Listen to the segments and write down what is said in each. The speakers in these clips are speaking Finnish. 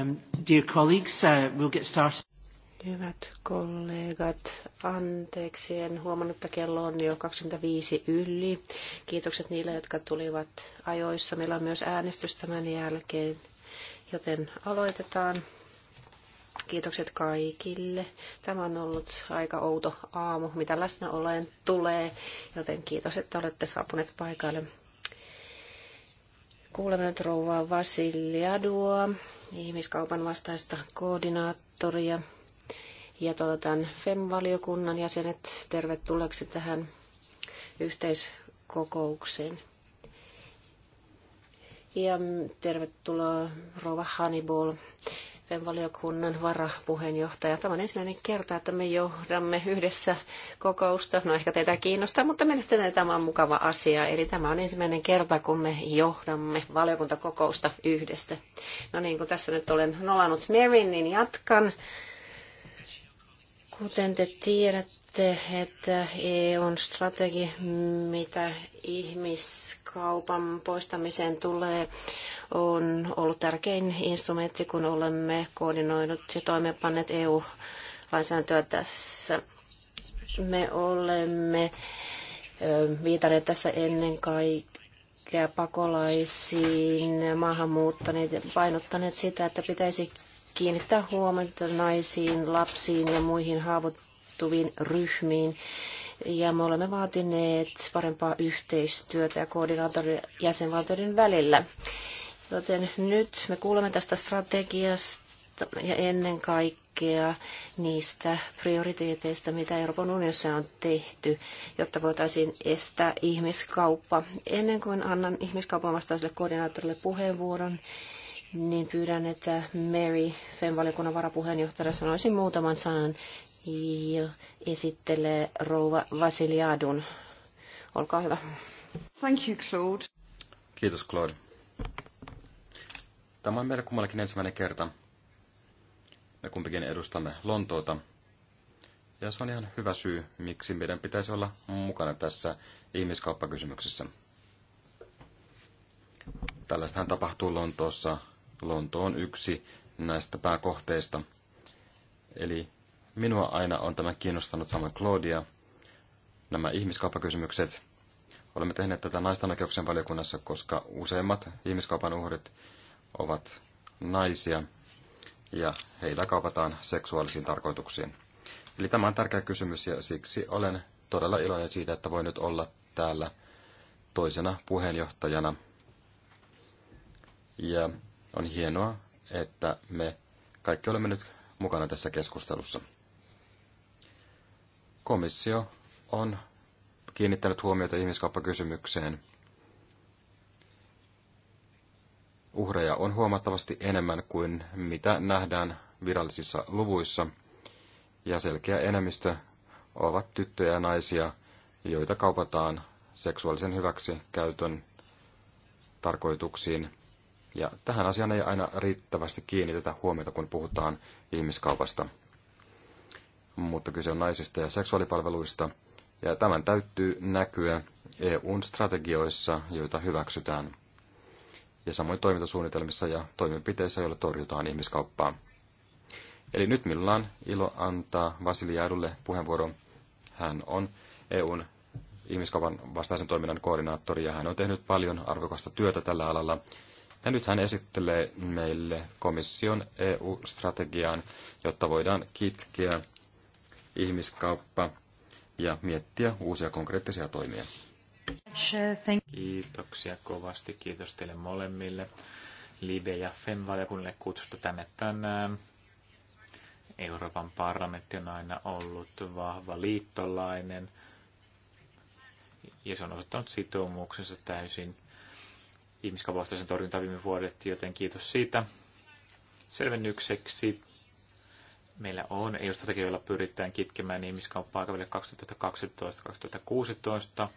Um, dear colleagues, uh, we'll get started. Hyvät kollegat, anteeksi, en huomannut, että kello on jo 25 yli. Kiitokset niille, jotka tulivat ajoissa. Meillä on myös äänestys tämän jälkeen, joten aloitetaan. Kiitokset kaikille. Tämä on ollut aika outo aamu, mitä läsnä olen tulee, joten kiitos, että olette saapuneet paikalle. Kuulemme nyt rouvaa Vasiliadua, ihmiskaupan vastaista koordinaattoria. Ja toivotan FEM-valiokunnan jäsenet tervetulleeksi tähän yhteiskokoukseen. Ja tervetuloa rouva Hannibal, AFP-valiokunnan varapuheenjohtaja. Tämä on ensimmäinen kerta, että me johdamme yhdessä kokousta. No ehkä teitä kiinnostaa, mutta mielestäni tämä on mukava asia. Eli tämä on ensimmäinen kerta, kun me johdamme valiokuntakokousta yhdessä. No niin, kun tässä nyt olen nolannut Merin, niin jatkan. Kuten te tiedätte, että EUn strategi, mitä ihmiskaupan poistamiseen tulee, on ollut tärkein instrumentti, kun olemme koordinoinut ja toimeenpanneet EU-lainsäädäntöä tässä. Me olemme viitanneet tässä ennen kaikkea pakolaisiin, maahanmuuttaneet ja painottaneet sitä, että pitäisi kiinnittää huomiota naisiin, lapsiin ja muihin haavoittuviin ryhmiin. Ja me olemme vaatineet parempaa yhteistyötä ja koordinaattoria jäsenvaltioiden välillä. Joten nyt me kuulemme tästä strategiasta ja ennen kaikkea niistä prioriteeteista, mitä Euroopan unionissa on tehty, jotta voitaisiin estää ihmiskauppa. Ennen kuin annan ihmiskaupan vastaiselle koordinaattorille puheenvuoron, niin pyydän, että Mary, FEM-valiokunnan varapuheenjohtaja, sanoisi muutaman sanan ja esittelee rouva Vasiliadun. Olkaa hyvä. Thank you, Claude. Kiitos, Claude. Tämä on meille kummallakin ensimmäinen kerta. Me kumpikin edustamme Lontoota. Ja se on ihan hyvä syy, miksi meidän pitäisi olla mukana tässä ihmiskauppakysymyksessä. Tällaistähän tapahtuu Lontoossa Lonto on yksi näistä pääkohteista. Eli minua aina on tämä kiinnostanut saman Claudia, nämä ihmiskauppakysymykset. Olemme tehneet tätä naisten oikeuksien valiokunnassa, koska useimmat ihmiskaupan uhrit ovat naisia ja heitä kaupataan seksuaalisiin tarkoituksiin. Eli tämä on tärkeä kysymys ja siksi olen todella iloinen siitä, että voin nyt olla täällä toisena puheenjohtajana. Ja on hienoa, että me kaikki olemme nyt mukana tässä keskustelussa. Komissio on kiinnittänyt huomiota ihmiskauppakysymykseen. Uhreja on huomattavasti enemmän kuin mitä nähdään virallisissa luvuissa, ja selkeä enemmistö ovat tyttöjä ja naisia, joita kaupataan seksuaalisen hyväksikäytön tarkoituksiin ja tähän asiaan ei aina riittävästi kiinnitetä huomiota, kun puhutaan ihmiskaupasta. Mutta kyse on naisista ja seksuaalipalveluista, ja tämän täytyy näkyä EUn strategioissa, joita hyväksytään, ja samoin toimintasuunnitelmissa ja toimenpiteissä, joilla torjutaan ihmiskauppaa. Eli nyt minulla on ilo antaa Jäädulle puheenvuoro. Hän on EUn ihmiskaupan vastaisen toiminnan koordinaattori ja hän on tehnyt paljon arvokasta työtä tällä alalla ja nyt hän esittelee meille komission EU-strategiaan, jotta voidaan kitkeä ihmiskauppa ja miettiä uusia konkreettisia toimia. Kiitoksia kovasti. Kiitos teille molemmille. Libe ja FEM-valiokunnille kutsusta tänne tänään. Euroopan parlamentti on aina ollut vahva liittolainen ja se on osoittanut sitoumuksensa täysin ihmiskaupastaisen torjunta viime vuodet, joten kiitos siitä. Selvennykseksi meillä on EU-strategia, jolla pyritään kitkemään ihmiskauppaa aikavälillä 2012-2016.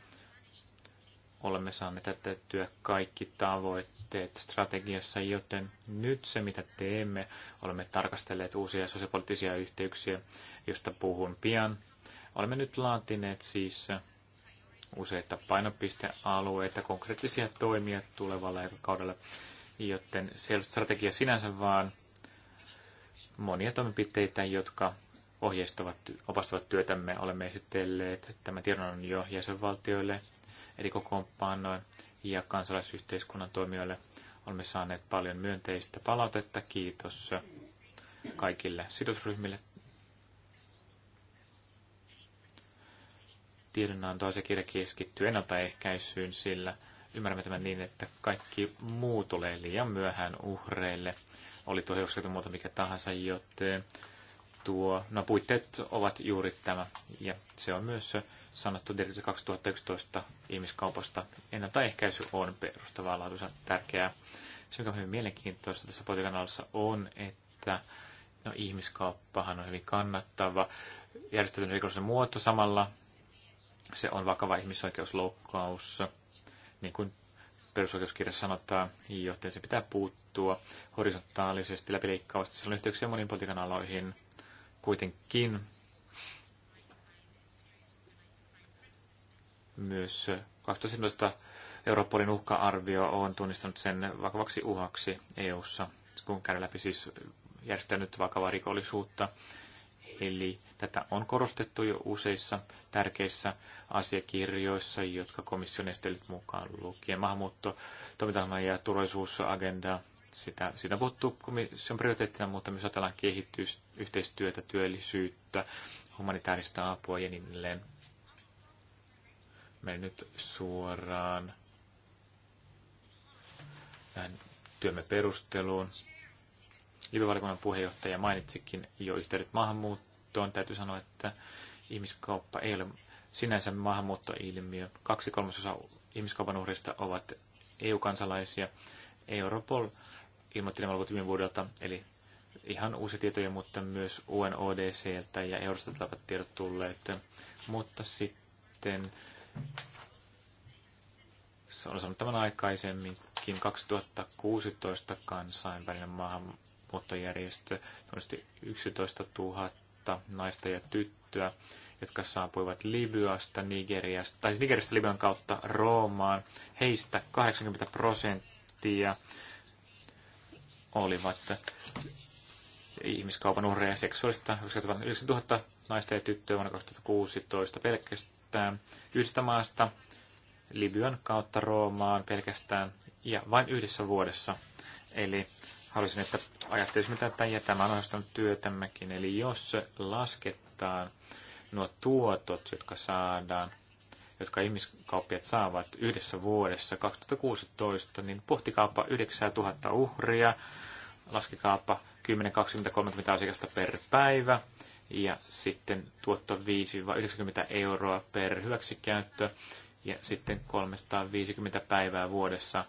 Olemme saaneet täytettyä kaikki tavoitteet strategiassa, joten nyt se mitä teemme, olemme tarkastelleet uusia sosiaalipoliittisia yhteyksiä, josta puhun pian. Olemme nyt laatineet siis useita painopistealueita, konkreettisia toimia tulevalle aikakaudella, joten se ei ole strategia sinänsä, vaan monia toimenpiteitä, jotka ohjeistavat, opastavat työtämme. Olemme esitelleet tämä tiedon jo jäsenvaltioille, eri kokoonpanoin ja kansalaisyhteiskunnan toimijoille. Olemme saaneet paljon myönteistä palautetta. Kiitos kaikille sidosryhmille se kirja keskittyy ennaltaehkäisyyn, sillä ymmärrämme tämän niin, että kaikki muu tulee liian myöhään uhreille. Oli tuo muoto mikä tahansa, joten tuo, no puitteet ovat juuri tämä. Ja se on myös sanottu direktiivi 2011 ihmiskaupasta. Ennaltaehkäisy on perustavaa laatuisen tärkeää. Se, mikä on hyvin mielenkiintoista tässä potikanalassa on, että no, ihmiskauppahan on hyvin kannattava järjestetyn rikollisen muoto samalla se on vakava ihmisoikeusloukkaus, niin kuin perusoikeuskirja sanotaan, joten se pitää puuttua horisontaalisesti läpileikkaavasti. Sillä on yhteyksiä moniin politiikan aloihin. Kuitenkin myös 2017 Europolin uhka-arvio on tunnistanut sen vakavaksi uhaksi EU-ssa, kun käydään läpi siis järjestänyt vakavaa rikollisuutta. Eli tätä on korostettu jo useissa tärkeissä asiakirjoissa, jotka komission estelit mukaan lukien maahanmuutto, toimintaohjelma ja turvallisuusagenda. Sitä, siitä on puhuttu komission prioriteettina, mutta myös ajatellaan kehitys, yhteistyötä, työllisyyttä, humanitaarista apua ja niin edelleen. Mennään nyt suoraan tähän työmme perusteluun. live puheenjohtaja mainitsikin jo yhteydet maahanmuuttoon maahanmuuttoon. Täytyy sanoa, että ihmiskauppa ei ole sinänsä maahanmuuttoilmiö. Kaksi kolmasosa ihmiskaupan uhrista ovat EU-kansalaisia. Europol ilmoitti nämä luvut viime vuodelta, eli ihan uusia tietoja, mutta myös UNODCltä ja Eurostat ovat tiedot tulleet. Mutta sitten se on sanonut tämän aikaisemminkin 2016 kansainvälinen maahanmuuttojärjestö tunnisti 11 000 000 naista ja tyttöä, jotka saapuivat Libyasta, Nigeriasta, tai siis Nigeriasta Libyan kautta Roomaan. Heistä 80 prosenttia olivat ihmiskaupan uhreja seksuaalista 9000 naista ja tyttöä vuonna 2016 pelkästään yhdestä maasta Libyan kautta Roomaan pelkästään ja vain yhdessä vuodessa. Eli Haluaisin, että ajattelisimme tätä, ja tämä on työtämmekin. Eli jos laskettaan nuo tuotot, jotka saadaan, jotka ihmiskauppiat saavat yhdessä vuodessa 2016, niin pohtikaapa 9000 uhria, laskikaapa 10, 20, 30 asiakasta per päivä ja sitten tuotto 5-90 euroa per hyväksikäyttö ja sitten 350 päivää vuodessa.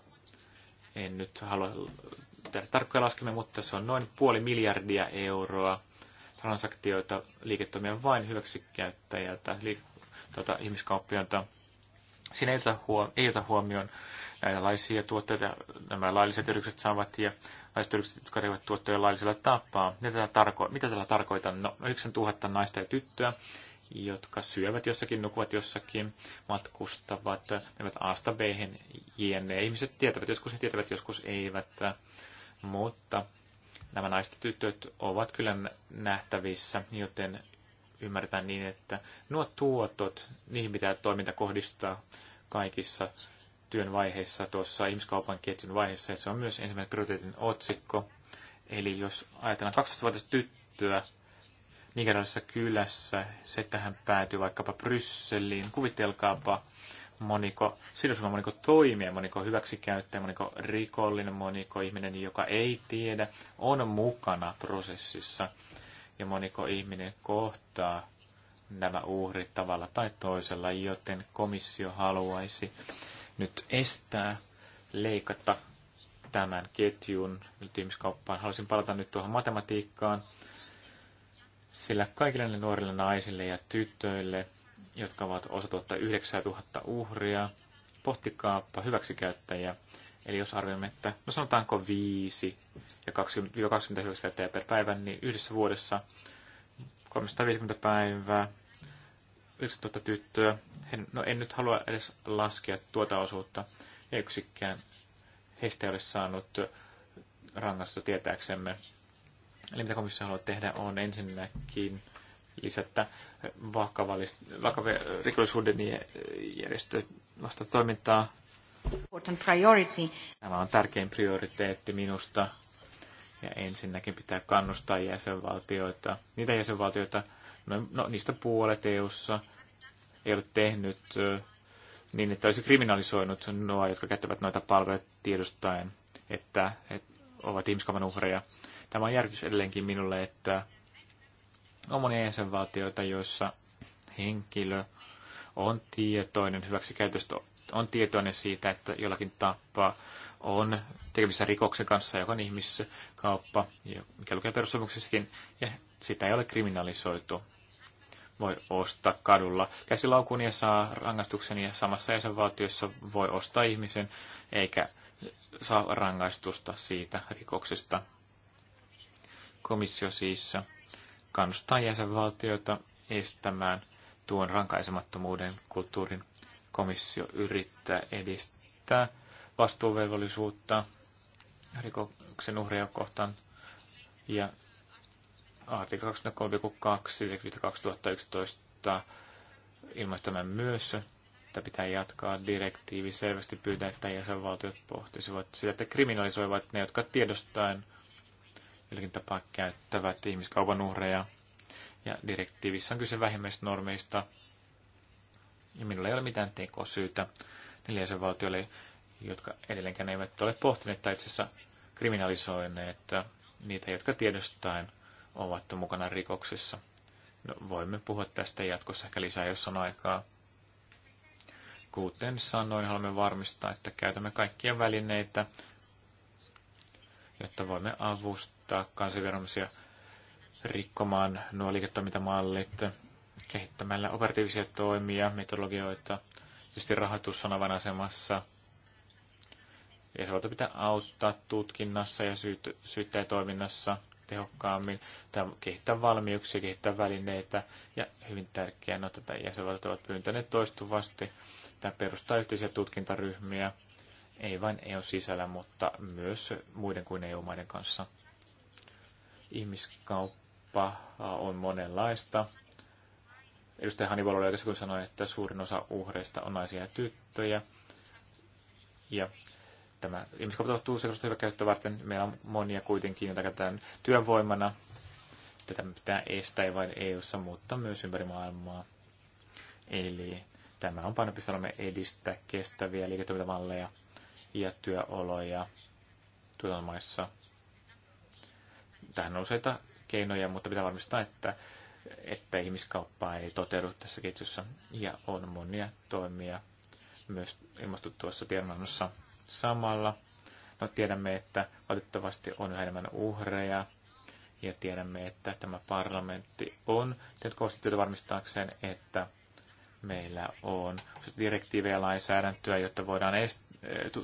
En nyt halua sitten tarkkoja laskemia, mutta se on noin puoli miljardia euroa transaktioita liiketoimien vain hyväksikäyttäjältä, liik- tuota, ihmiskauppialta. Siinä ei ota, huom- ei ota huomioon näitä laisia tuotteita, nämä lailliset yritykset saavat ja laiset yritykset, jotka tekevät tuotteita laillisella tapaa. Mitä tällä, tarko- mitä tällä tarkoitan? No, 9000 naista ja tyttöä, jotka syövät jossakin, nukuvat jossakin, matkustavat, menevät A-sta b jne. Ihmiset tietävät, joskus he tietävät, joskus eivät mutta nämä naiset ja tytöt ovat kyllä nähtävissä, joten ymmärretään niin, että nuo tuotot, niihin pitää toiminta kohdistaa kaikissa työn vaiheissa, tuossa ihmiskaupan ketjun vaiheessa, ja se on myös ensimmäinen prioriteetin otsikko. Eli jos ajatellaan 12-vuotiaista tyttöä nigerialaisessa kylässä, se tähän päätyy vaikkapa Brysseliin, kuvitelkaapa moniko, sidosryhmä moniko toimija, moniko hyväksikäyttäjä, moniko rikollinen, moniko ihminen, joka ei tiedä, on mukana prosessissa. Ja moniko ihminen kohtaa nämä uhrit tavalla tai toisella, joten komissio haluaisi nyt estää, leikata tämän ketjun nyt ihmiskauppaan. Haluaisin palata nyt tuohon matematiikkaan, sillä kaikille nuorille naisille ja tytöille – jotka ovat osa tuottaa 9000 uhria. Pohtikaappa hyväksikäyttäjiä. Eli jos arvioimme, että no sanotaanko 5 ja 20, 20 hyväksikäyttäjää per päivä, niin yhdessä vuodessa 350 päivää, 9000 tyttöä. He, No en nyt halua edes laskea tuota osuutta. Ja yksikään heistä ei ole saanut rangaistusta tietääksemme. Eli mitä komissio haluaa tehdä on ensinnäkin lisätä vakavia rikollisuuden eh, järjestö vasta toimintaa. Tämä on tärkein prioriteetti minusta. Ja ensinnäkin pitää kannustaa jäsenvaltioita, niitä jäsenvaltioita, no, no niistä puolet EUssa ei ole tehnyt eh, niin, että olisi kriminalisoinut nuo, jotka käyttävät noita palveluja tiedostaen, että, että ovat ihmiskaupan uhreja. Tämä on järkytys edelleenkin minulle, että on monia jäsenvaltioita, joissa henkilö on tietoinen hyväksikäytöstä, on tietoinen siitä, että jollakin tapaa on tekemisissä rikoksen kanssa, joka on ihmiskauppa, mikä lukee perussopimuksessakin, ja sitä ei ole kriminalisoitu. Voi ostaa kadulla käsilaukun ja saa rangaistuksen, ja samassa jäsenvaltiossa voi ostaa ihmisen, eikä saa rangaistusta siitä rikoksesta. Komissio siis kannustaa jäsenvaltioita estämään tuon rankaisemattomuuden kulttuurin. Komissio yrittää edistää vastuuvelvollisuutta rikoksen uhreja kohtaan ja artikla 23.2.2011 2011 myös, että pitää jatkaa direktiivi selvästi pyytää, että jäsenvaltiot pohtisivat sitä, että kriminalisoivat ne, jotka tiedostaen – jollakin tapaa käyttävät ihmiskaupan uhreja. Ja direktiivissä on kyse vähimmäisnormeista. Ja minulla ei ole mitään tekosyytä niille jäsenvaltioille, jotka edelleenkään eivät ole pohtineet tai itse asiassa kriminalisoineet niitä, jotka tiedostaen ovat mukana rikoksissa. No, voimme puhua tästä jatkossa ehkä lisää, jos on aikaa. Kuten sanoin, haluamme varmistaa, että käytämme kaikkia välineitä, jotta voimme avustaa kansainvälisiä rikkomaan nuo liiketoimintamallit kehittämällä operatiivisia toimia, metodologioita. Tietysti rahoitus on asemassa. Ja se pitää auttaa tutkinnassa ja syyttäjätoiminnassa tehokkaammin, tai kehittää valmiuksia, kehittää välineitä, ja hyvin tärkeää, on, no, että jäsenvaltiot ovat pyyntäneet toistuvasti, tai perustaa yhteisiä tutkintaryhmiä, ei vain EU sisällä, mutta myös muiden kuin EU-maiden kanssa. Ihmiskauppa on monenlaista. Edustaja Hannibal oli oikeassa, kun sanoi, että suurin osa uhreista on naisia ja tyttöjä. Ja tämä ihmiskauppa tapahtuu seksuaalista hyväkäyttöä varten. Meillä on monia kuitenkin, joita käytetään työvoimana. Tätä pitää estää ei vain EU-ssa, mutta myös ympäri maailmaa. Eli tämä on painopistealueemme edistää kestäviä liiketoimintamalleja ja työoloja tuotantomaissa. Tähän on useita keinoja, mutta pitää varmistaa, että, että ihmiskauppaa ei toteudu tässä ketjussa. Ja on monia toimia myös ilmastu tuossa tiedonannossa samalla. No tiedämme, että valitettavasti on yhä enemmän uhreja ja tiedämme, että tämä parlamentti on tehnyt kovasti työtä varmistaakseen, että meillä on direktiivejä ja lainsäädäntöä, jotta voidaan estää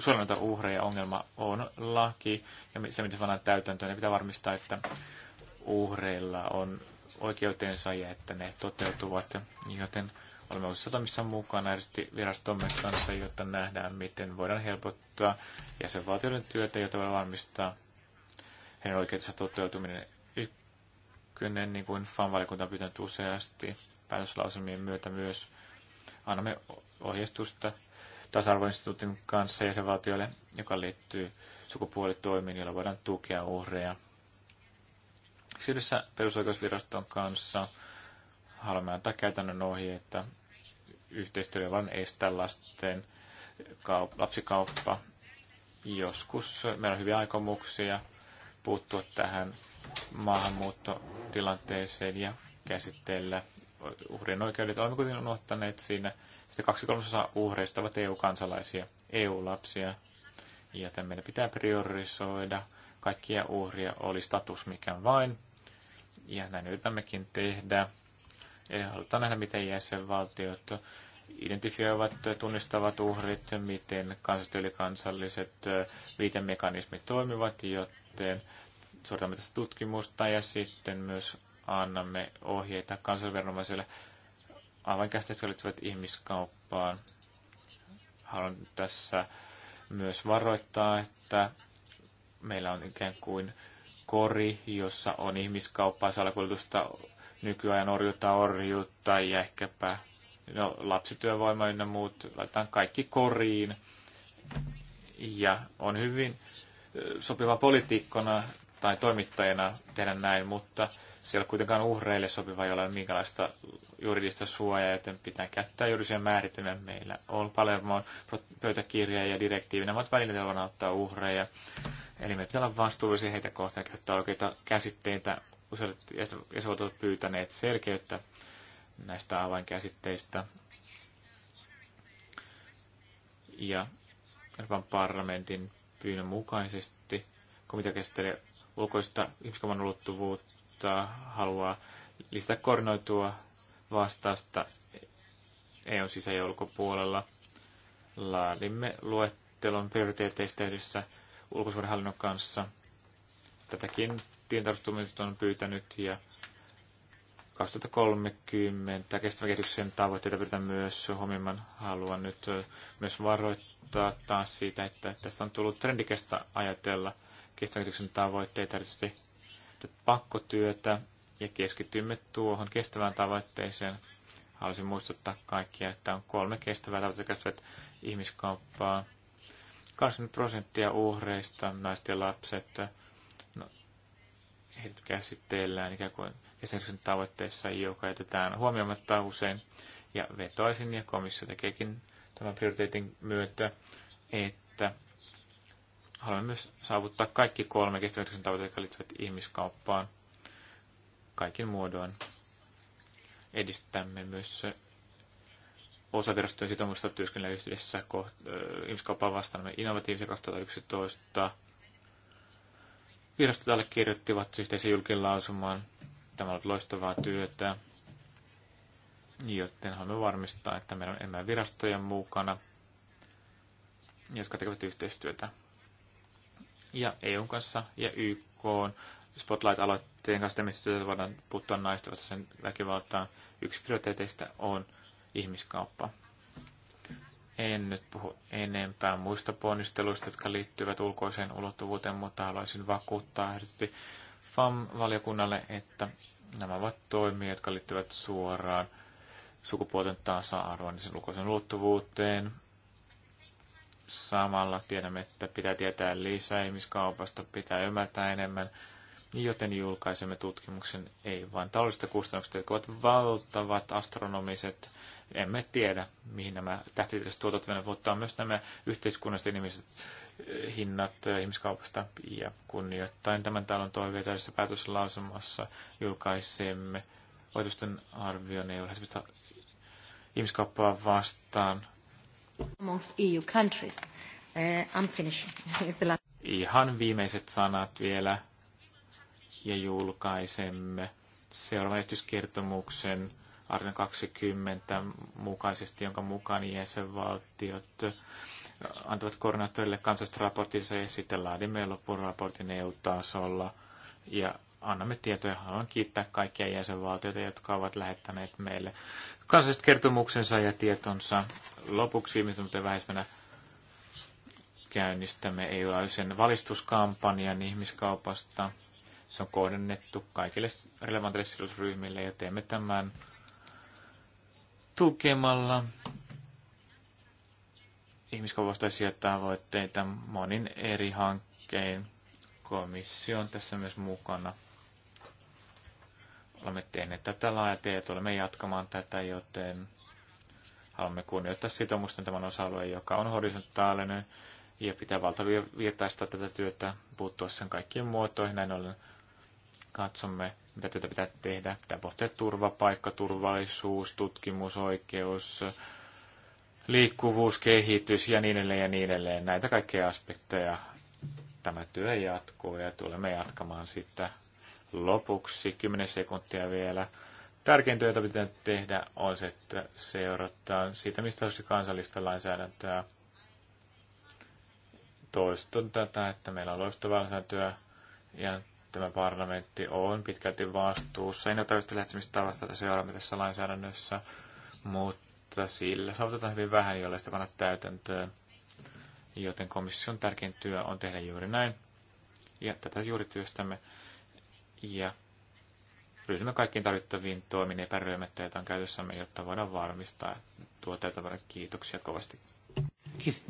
suojelmatta uhreja ongelma on laki ja se, mitä se pannaan täytäntöön, niin pitää varmistaa, että uhreilla on oikeutensa ja että ne toteutuvat, joten olemme toimissa mukana erityisesti virastomme kanssa, jotta nähdään, miten voidaan helpottaa jäsenvaltioiden työtä, jota voidaan varmistaa heidän oikeutensa toteutuminen ykkönen, niin kuin FAN-valiokunta on pyytänyt useasti päätöslausumien myötä myös annamme ohjeistusta tasa-arvoinstituutin kanssa jäsenvaltioille, joka liittyy sukupuolitoimiin, joilla voidaan tukea uhreja. Yhdessä perusoikeusviraston kanssa haluamme antaa käytännön että yhteistyöllä vain estää lasten kaup- lapsikauppa. Joskus meillä on hyviä aikomuksia puuttua tähän maahanmuuttotilanteeseen ja käsitellä uhrien oikeudet. Olemme kuitenkin unohtaneet siinä sitten kaksi kolmasosaa uhreista ovat EU-kansalaisia, EU-lapsia, joten meidän pitää priorisoida kaikkia uhria, oli status mikä vain. Ja näin yritämmekin tehdä. Eli halutaan nähdä, miten jäsenvaltiot identifioivat, tunnistavat uhrit, miten kansalliset ylikansalliset viitemekanismit toimivat, joten suoritamme tästä tutkimusta ja sitten myös annamme ohjeita kansallisviranomaisille Aivan jotka liittyvät ihmiskauppaan. Haluan tässä myös varoittaa, että meillä on ikään kuin kori, jossa on ihmiskauppaa, salakuljetusta, nykyajan orjuutta, orjuutta ja ehkäpä no, lapsityövoima ynnä muut. Laitetaan kaikki koriin. Ja on hyvin sopiva poliitikkona tai toimittajana tehdä näin, mutta se ei ole kuitenkaan uhreille sopiva, jolla ei ole minkälaista juridista suojaa, joten pitää käyttää juridisia määritelmiä. Meillä on paljon pöytäkirjaa ja direktiivi. Nämä ovat välineitä, joilla auttaa uhreja. Eli me pitää vastuullisia heitä kohtaan käyttää oikeita käsitteitä. Useat jäsenvaltiot ovat pyytäneet selkeyttä näistä avainkäsitteistä. Ja Euroopan parlamentin pyynnön mukaisesti komitea käsittelee ulkoista ihmiskaupan ulottuvuutta mutta haluaa lisätä koordinoitua vastausta EUn sisä- ja ulkopuolella. Laadimme luettelon prioriteeteista yhdessä ulkosuhdehallinnon kanssa. Tätäkin tilintarkastustuomioistuin on pyytänyt ja 2030 kestävän kehityksen tavoitteita pyritään myös huomioimaan. Haluan nyt myös varoittaa taas siitä, että tästä on tullut trendikästä ajatella kestävän kehityksen tavoitteita erityisesti tehty pakkotyötä ja keskitymme tuohon kestävään tavoitteeseen. Haluaisin muistuttaa kaikkia, että on kolme kestävää tavoitteita käsittävät ihmiskauppaa. 80 prosenttia uhreista, naiset ja lapset, no, heidät käsitteellään ikään kuin esityksen tavoitteessa, joka jätetään huomioimatta usein. Ja vetoisin, ja komissio tekeekin tämän prioriteetin myötä, että Haluamme myös saavuttaa kaikki kolme kestävyyden tavoitteita, jotka liittyvät ihmiskauppaan kaikin muodoin. Edistämme myös osavirastojen sitoumusta työskennellä yhdessä koht- ihmiskauppaan vastaanamme innovatiivisia 2011. Virastot allekirjoittivat yhteisen lausumaan. Tämä on ollut loistavaa työtä, joten haluamme varmistaa, että meillä on enemmän virastoja mukana, jotka tekevät yhteistyötä ja EUn kanssa ja YK Spotlight-aloitteen kanssa, missä voidaan puuttua naisten sen väkivaltaan. Yksi prioriteeteista on ihmiskauppa. En nyt puhu enempää muista ponnisteluista, jotka liittyvät ulkoiseen ulottuvuuteen, mutta haluaisin vakuuttaa erityisesti FAM-valiokunnalle, että nämä ovat toimia, jotka liittyvät suoraan sukupuolten tasa-arvoon ja sen ulkoisen ulottuvuuteen. Samalla tiedämme, että pitää tietää lisää ihmiskaupasta, pitää ymmärtää enemmän, joten julkaisemme tutkimuksen, ei vain taloudellisista kustannuksista, jotka ovat valtavat astronomiset. Emme tiedä, mihin nämä tähtitieteelliset tuotot menevät, mutta on myös nämä yhteiskunnalliset ihmiset eh, hinnat eh, ihmiskaupasta ja kunnioittain tämän talon toiveita tässä päätöslausumassa julkaisemme oitusten arvion ei ole ihmiskauppaa vastaan E uh, Ihan viimeiset sanat vielä ja julkaisemme seuraavan kertomuksen artiklan 20 mukaisesti, jonka mukaan jäsenvaltiot antavat koordinaattorille kansallista raporttinsa ja sitten laadimme loppuun raportin EU-tasolla ja annamme tietoja. Haluan kiittää kaikkia jäsenvaltioita, jotka ovat lähettäneet meille kansalliset kertomuksensa ja tietonsa. Lopuksi viimeistä, mutta vähäisemmänä käynnistämme EU-laisen valistuskampanjan ihmiskaupasta. Se on kohdennettu kaikille relevantille sidosryhmille ja teemme tämän tukemalla ihmiskaupastaisia tavoitteita monin eri hankkeen Komissio on tässä myös mukana olemme tehneet tätä laajalti ja tulemme jatkamaan tätä, joten haluamme kunnioittaa sitoumusten tämän osa-alueen, joka on horisontaalinen ja pitää valtavirtaistaa tätä työtä, puuttua sen kaikkien muotoihin. Näin ollen katsomme, mitä työtä pitää tehdä. Pitää pohtia turvapaikka, turvallisuus, tutkimusoikeus, liikkuvuus, kehitys ja niin edelleen ja niin edelleen. Näitä kaikkia aspekteja tämä työ jatkuu ja tulemme jatkamaan sitä lopuksi 10 sekuntia vielä. Tärkeintä, jota pitää tehdä, on se, että seurataan siitä, mistä olisi kansallista lainsäädäntöä. Toistun tätä, että meillä on loistava lainsäädäntöä ja tämä parlamentti on pitkälti vastuussa lähtemistä tavasta tässä seuraamisessa lainsäädännössä, mutta sillä saavutetaan hyvin vähän, jolle sitä panna täytäntöön. Joten komission tärkein työ on tehdä juuri näin. Ja tätä juuri työstämme ja ryhdymme kaikkiin tarvittaviin toimiin epäröimättä, joita on käytössämme, jotta voidaan varmistaa tuo täytävänä. Kiitoksia kovasti. Kiitos.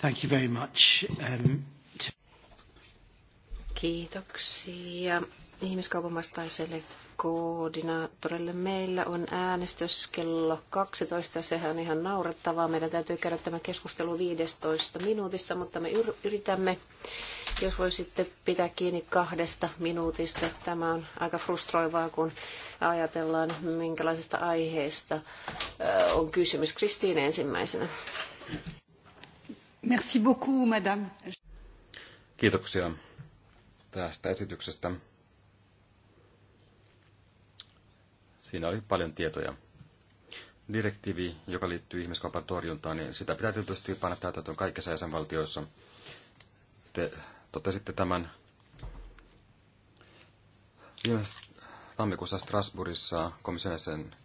Thank you very much. Um, Kiitoksia ihmiskaupan vastaiselle koordinaattorille. Meillä on äänestys kello 12. Sehän on ihan naurettavaa. Meidän täytyy käydä tämä keskustelu 15 minuutissa, mutta me yritämme, jos voisitte pitää kiinni kahdesta minuutista. Tämä on aika frustroivaa, kun ajatellaan, minkälaisesta aiheesta on kysymys. Kristiine ensimmäisenä. Merci beaucoup, madame. Kiitoksia tästä esityksestä. Siinä oli paljon tietoja. Direktiivi, joka liittyy ihmiskaupan torjuntaan, niin sitä pitää tietysti panna täytäntöön kaikissa jäsenvaltioissa. Te totesitte tämän viime tammikuussa Strasbourgissa komission sen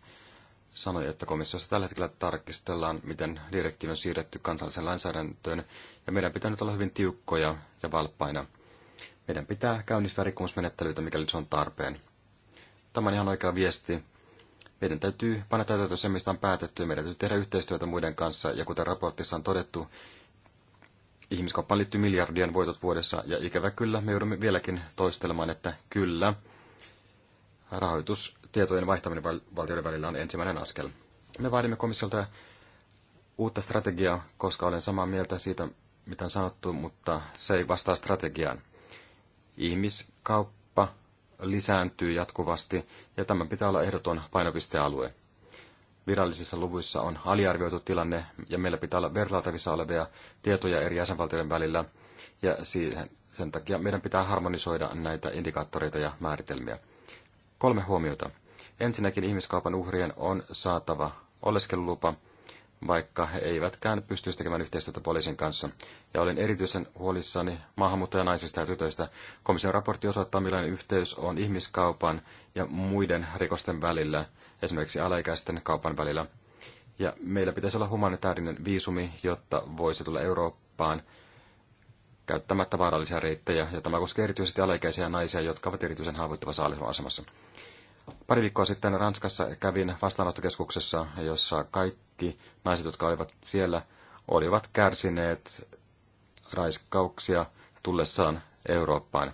sanoi, että komissiossa tällä hetkellä tarkistellaan, miten direktiivi on siirretty kansalliseen lainsäädäntöön, ja meidän pitää nyt olla hyvin tiukkoja ja valppaina. Meidän pitää käynnistää rikkomusmenettelyitä, mikäli se on tarpeen. Tämä on ihan oikea viesti. Meidän täytyy panna täytäntö se, mistä on päätetty. Meidän täytyy tehdä yhteistyötä muiden kanssa. Ja kuten raportissa on todettu, ihmiskauppaan liittyy miljardien voitot vuodessa. Ja ikävä kyllä, me joudumme vieläkin toistelemaan, että kyllä, rahoitustietojen vaihtaminen valtioiden välillä on ensimmäinen askel. Me vaadimme komissiolta uutta strategiaa, koska olen samaa mieltä siitä, mitä on sanottu, mutta se ei vastaa strategiaan. Ihmiskauppa lisääntyy jatkuvasti, ja tämä pitää olla ehdoton painopistealue. Virallisissa luvuissa on aliarvioitu tilanne, ja meillä pitää olla vertailtavissa olevia tietoja eri jäsenvaltioiden välillä, ja siihen, sen takia meidän pitää harmonisoida näitä indikaattoreita ja määritelmiä. Kolme huomiota. Ensinnäkin ihmiskaupan uhrien on saatava oleskelulupa, vaikka he eivätkään pystyisi tekemään yhteistyötä poliisin kanssa. Ja olen erityisen huolissani maahanmuuttajanaisista ja tytöistä. Komission raportti osoittaa, millainen yhteys on ihmiskaupan ja muiden rikosten välillä, esimerkiksi alaikäisten kaupan välillä. Ja meillä pitäisi olla humanitaarinen viisumi, jotta voisi tulla Eurooppaan käyttämättä vaarallisia reittejä, ja tämä koskee erityisesti alaikäisiä naisia, jotka ovat erityisen haavoittuvassa asemassa. Pari viikkoa sitten Ranskassa kävin vastaanottokeskuksessa, jossa kaikki kaikki naiset, jotka olivat siellä, olivat kärsineet raiskauksia tullessaan Eurooppaan.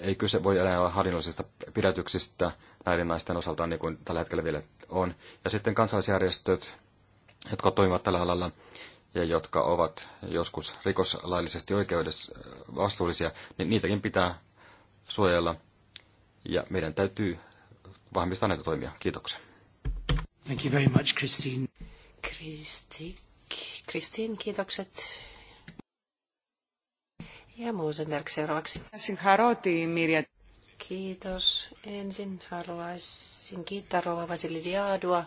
Ei kyse voi enää olla hallinnollisista pidätyksistä näiden naisten osalta, niin kuin tällä hetkellä vielä on. Ja sitten kansalaisjärjestöt, jotka toimivat tällä alalla ja jotka ovat joskus rikoslaillisesti oikeudessa vastuullisia, niin niitäkin pitää suojella. Ja meidän täytyy vahvistaa näitä toimia. Kiitoksia. Thank you very much, Christine. Kristi, kiitokset. Ja seuraavaksi. Kiitos. Ensin haluaisin kiittää Rova Vasilidiadua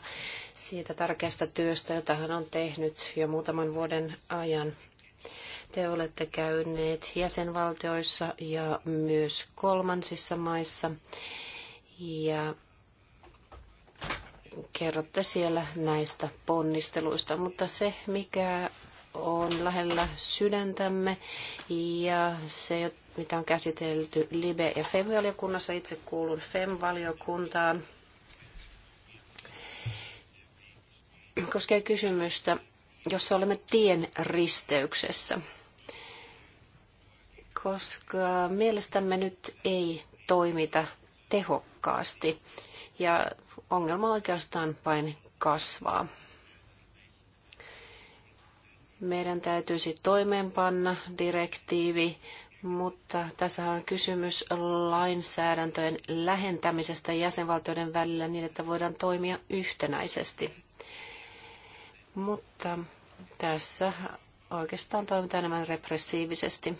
siitä tärkeästä työstä, jota hän on tehnyt jo muutaman vuoden ajan. Te olette käyneet jäsenvaltioissa ja myös kolmansissa maissa. Ja kerrotte siellä näistä ponnisteluista, mutta se, mikä on lähellä sydäntämme ja se, mitä on käsitelty LIBE- ja FEM-valiokunnassa, itse kuulun FEM-valiokuntaan, koskee kysymystä, jossa olemme tien risteyksessä. Koska mielestämme nyt ei toimita tehokkaasti. Ja ongelma oikeastaan vain kasvaa. Meidän täytyisi toimeenpanna direktiivi, mutta tässä on kysymys lainsäädäntöjen lähentämisestä jäsenvaltioiden välillä niin, että voidaan toimia yhtenäisesti. Mutta tässä oikeastaan toimitaan enemmän repressiivisesti.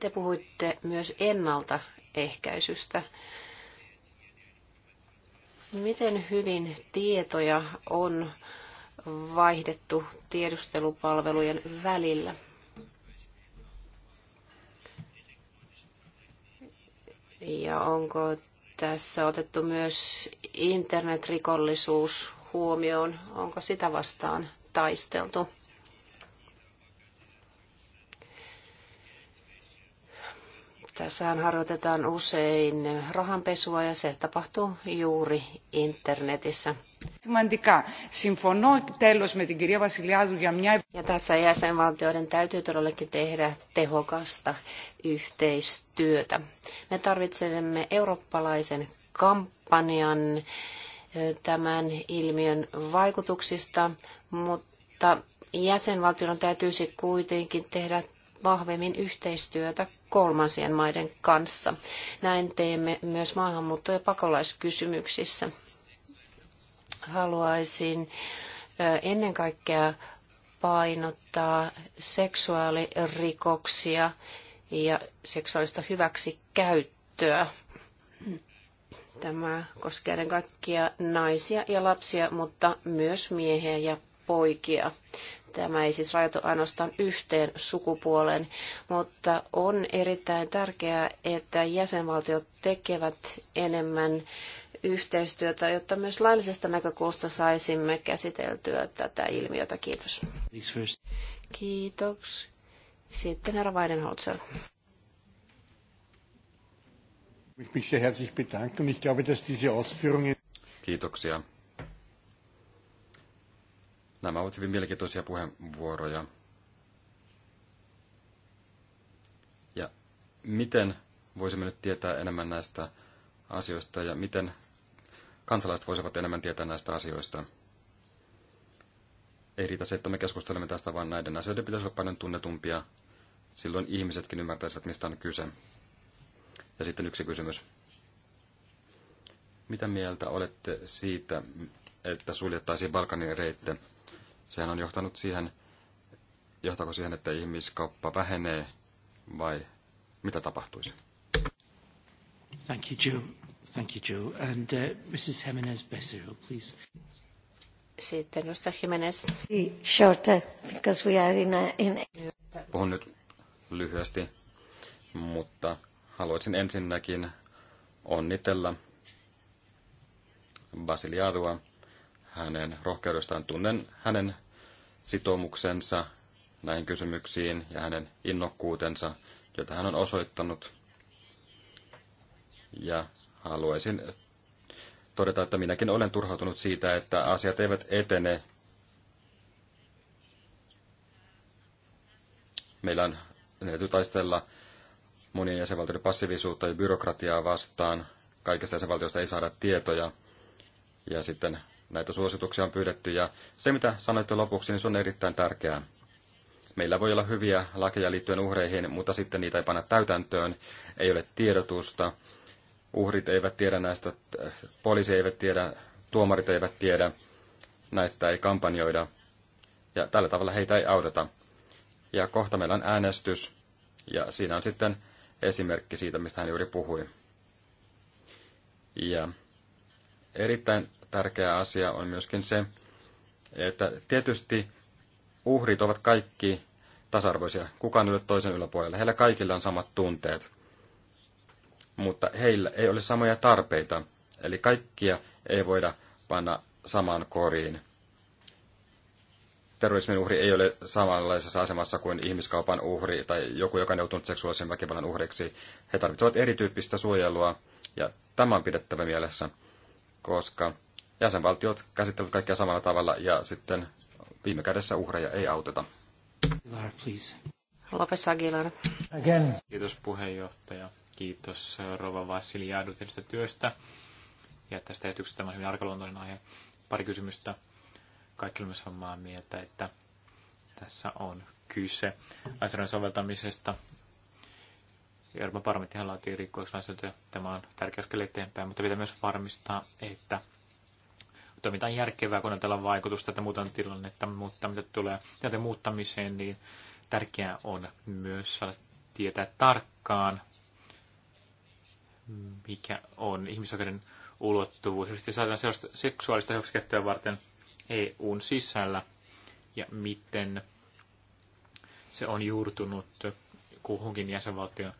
Te puhuitte myös ennaltaehkäisystä. Miten hyvin tietoja on vaihdettu tiedustelupalvelujen välillä? Ja onko tässä otettu myös internetrikollisuus huomioon? Onko sitä vastaan taisteltu? Tässähän harjoitetaan usein rahanpesua ja se tapahtuu juuri internetissä. Ja tässä jäsenvaltioiden täytyy todellakin tehdä tehokasta yhteistyötä. Me tarvitsemme eurooppalaisen kampanjan tämän ilmiön vaikutuksista, mutta jäsenvaltion täytyisi kuitenkin tehdä vahvemmin yhteistyötä kolmansien maiden kanssa. Näin teemme myös maahanmuutto- ja pakolaiskysymyksissä. Haluaisin ennen kaikkea painottaa seksuaalirikoksia ja seksuaalista hyväksikäyttöä. Tämä koskee ennen kaikkia naisia ja lapsia, mutta myös miehiä ja poikia. Tämä ei siis rajoitu ainoastaan yhteen sukupuoleen, mutta on erittäin tärkeää, että jäsenvaltiot tekevät enemmän yhteistyötä, jotta myös laillisesta näkökulmasta saisimme käsiteltyä tätä ilmiötä. Kiitos. Kiitos. Sitten herra Weidenholzer. Kiitoksia. Nämä ovat hyvin mielenkiintoisia puheenvuoroja. Ja miten voisimme nyt tietää enemmän näistä asioista ja miten kansalaiset voisivat enemmän tietää näistä asioista? Ei riitä se, että me keskustelemme tästä, vaan näiden asioiden pitäisi olla paljon tunnetumpia. Silloin ihmisetkin ymmärtäisivät, mistä on kyse. Ja sitten yksi kysymys. Mitä mieltä olette siitä, että suljettaisiin Balkanin reitte? Sehän on johtanut siihen, johtako siihen, että ihmiskauppa vähenee vai mitä tapahtuisi? Thank you, Joe. Thank you, Joe. And uh, Mrs. Jimenez Becerril, please. Sitten Mr. Jimenez. Shorter, uh, because we are in a, in... Puhun nyt lyhyesti, mutta haluaisin ensinnäkin onnitella Basiliadua hänen rohkeudestaan. Tunnen hänen sitoumuksensa näihin kysymyksiin ja hänen innokkuutensa, jota hän on osoittanut. Ja haluaisin todeta, että minäkin olen turhautunut siitä, että asiat eivät etene. Meillä on täytyy taistella monien jäsenvaltioiden passiivisuutta ja byrokratiaa vastaan. Kaikista jäsenvaltioista ei saada tietoja. Ja sitten näitä suosituksia on pyydetty. Ja se, mitä sanoitte lopuksi, niin se on erittäin tärkeää. Meillä voi olla hyviä lakeja liittyen uhreihin, mutta sitten niitä ei panna täytäntöön, ei ole tiedotusta, uhrit eivät tiedä näistä, poliisi eivät tiedä, tuomarit eivät tiedä, näistä ei kampanjoida. Ja tällä tavalla heitä ei auteta. Ja kohta meillä on äänestys, ja siinä on sitten esimerkki siitä, mistä hän juuri puhui. Ja Erittäin tärkeä asia on myöskin se, että tietysti uhrit ovat kaikki tasa-arvoisia. Kukaan ei ole toisen yläpuolella. Heillä kaikilla on samat tunteet, mutta heillä ei ole samoja tarpeita. Eli kaikkia ei voida panna samaan koriin. Terrorismin uhri ei ole samanlaisessa asemassa kuin ihmiskaupan uhri tai joku, joka on joutunut seksuaalisen väkivallan uhriksi. He tarvitsevat erityyppistä suojelua ja tämä on pidettävä mielessä koska jäsenvaltiot käsittelevät kaikkia samalla tavalla ja sitten viime kädessä uhreja ei auteta. Lopes Aguilar. Again. Kiitos puheenjohtaja. Kiitos Rova Vassiliadu tästä työstä ja tästä esityksestä. Tämä on hyvin arkaluontoinen aihe. Pari kysymystä. Kaikki myös samaa mieltä, että tässä on kyse lainsäädännön soveltamisesta Euroopan parlamenttihan laatii rikkoislainsäädäntöä. Tämä on tärkeä askel eteenpäin, mutta pitää myös varmistaa, että toimitaan järkevää, kun tällä on vaikutusta, että muutan tilannetta, mutta mitä tulee tilanteen muuttamiseen, niin tärkeää on myös saada tietää tarkkaan, mikä on ihmisoikeuden ulottuvuus. Jos saadaan siis sellaista seksuaalista hyväksikäyttöä varten EUn sisällä ja miten se on juurtunut kuhunkin jäsenvaltion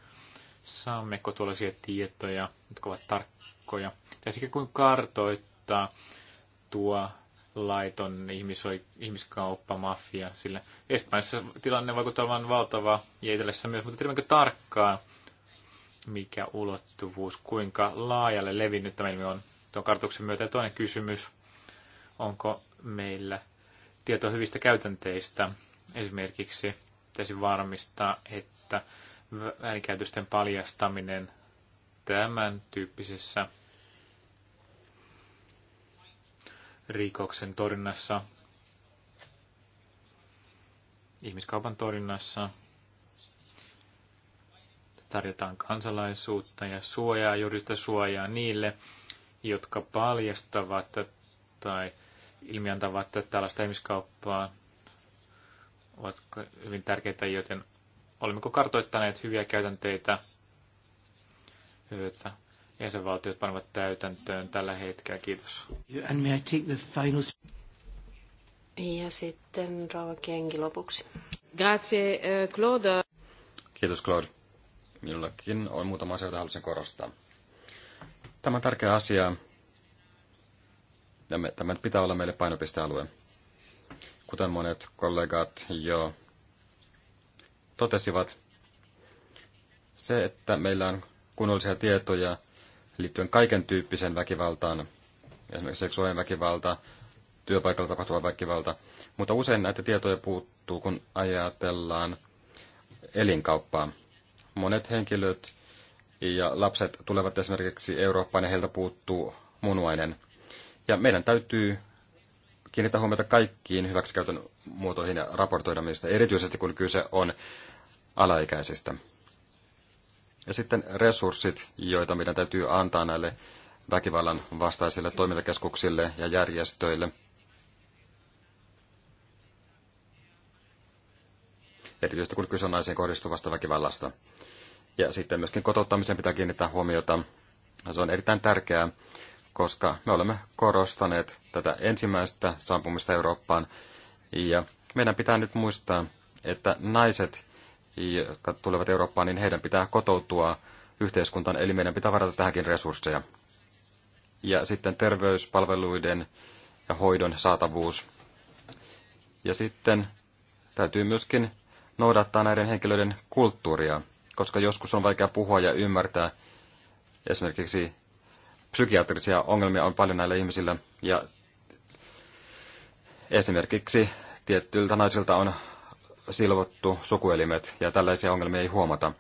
Saammeko tuollaisia tietoja, jotka ovat tarkkoja? Pitäisikö kuin kartoittaa tuo laiton ihmisoi, ihmiskauppa, mafia, sillä Espanjassa tilanne vaikuttaa olevan valtava ja Itälässä myös, mutta tiedämmekö tarkkaan, mikä ulottuvuus, kuinka laajalle levinnyt tämä ilmiö on tuon kartoituksen myötä. Ja toinen kysymys, onko meillä tietoa hyvistä käytänteistä, esimerkiksi pitäisi varmistaa, että väärinkäytösten paljastaminen tämän tyyppisessä rikoksen torinnassa, ihmiskaupan torinnassa, tarjotaan kansalaisuutta ja suojaa, juridista suojaa niille, jotka paljastavat tai ilmiantavat tällaista ihmiskauppaa, ovat hyvin tärkeitä, joten olemmeko kartoittaneet hyviä käytänteitä, joita jäsenvaltiot panevat täytäntöön tällä hetkellä. Kiitos. And may I take the final... Ja sitten Rauha Kengi lopuksi. Grazie, eh, Claude. Kiitos, Claude. Minullakin on muutama asia, jota haluaisin korostaa. Tämä on tärkeä asia. Tämä pitää olla meille painopistealue. Kuten monet kollegat jo totesivat, se, että meillä on kunnollisia tietoja liittyen kaiken tyyppiseen väkivaltaan, esimerkiksi seksuaalinen väkivalta, työpaikalla tapahtuva väkivalta, mutta usein näitä tietoja puuttuu, kun ajatellaan elinkauppaa. Monet henkilöt ja lapset tulevat esimerkiksi Eurooppaan ja heiltä puuttuu munuainen. Ja meidän täytyy kiinnittää huomiota kaikkiin hyväksikäytön muotoihin ja raportoida niistä, erityisesti kun kyse on alaikäisistä. Ja sitten resurssit, joita meidän täytyy antaa näille väkivallan vastaisille toimintakeskuksille ja järjestöille. Erityisesti kun kyse on naisiin kohdistuvasta väkivallasta. Ja sitten myöskin kotouttamiseen pitää kiinnittää huomiota. Se on erittäin tärkeää, koska me olemme korostaneet tätä ensimmäistä saapumista Eurooppaan. Ja meidän pitää nyt muistaa, että naiset, jotka tulevat Eurooppaan, niin heidän pitää kotoutua yhteiskuntaan, eli meidän pitää varata tähänkin resursseja. Ja sitten terveyspalveluiden ja hoidon saatavuus. Ja sitten täytyy myöskin noudattaa näiden henkilöiden kulttuuria, koska joskus on vaikea puhua ja ymmärtää esimerkiksi psykiatrisia ongelmia on paljon näillä ihmisillä. Ja esimerkiksi tiettyiltä naisilta on silvottu sukuelimet ja tällaisia ongelmia ei huomata.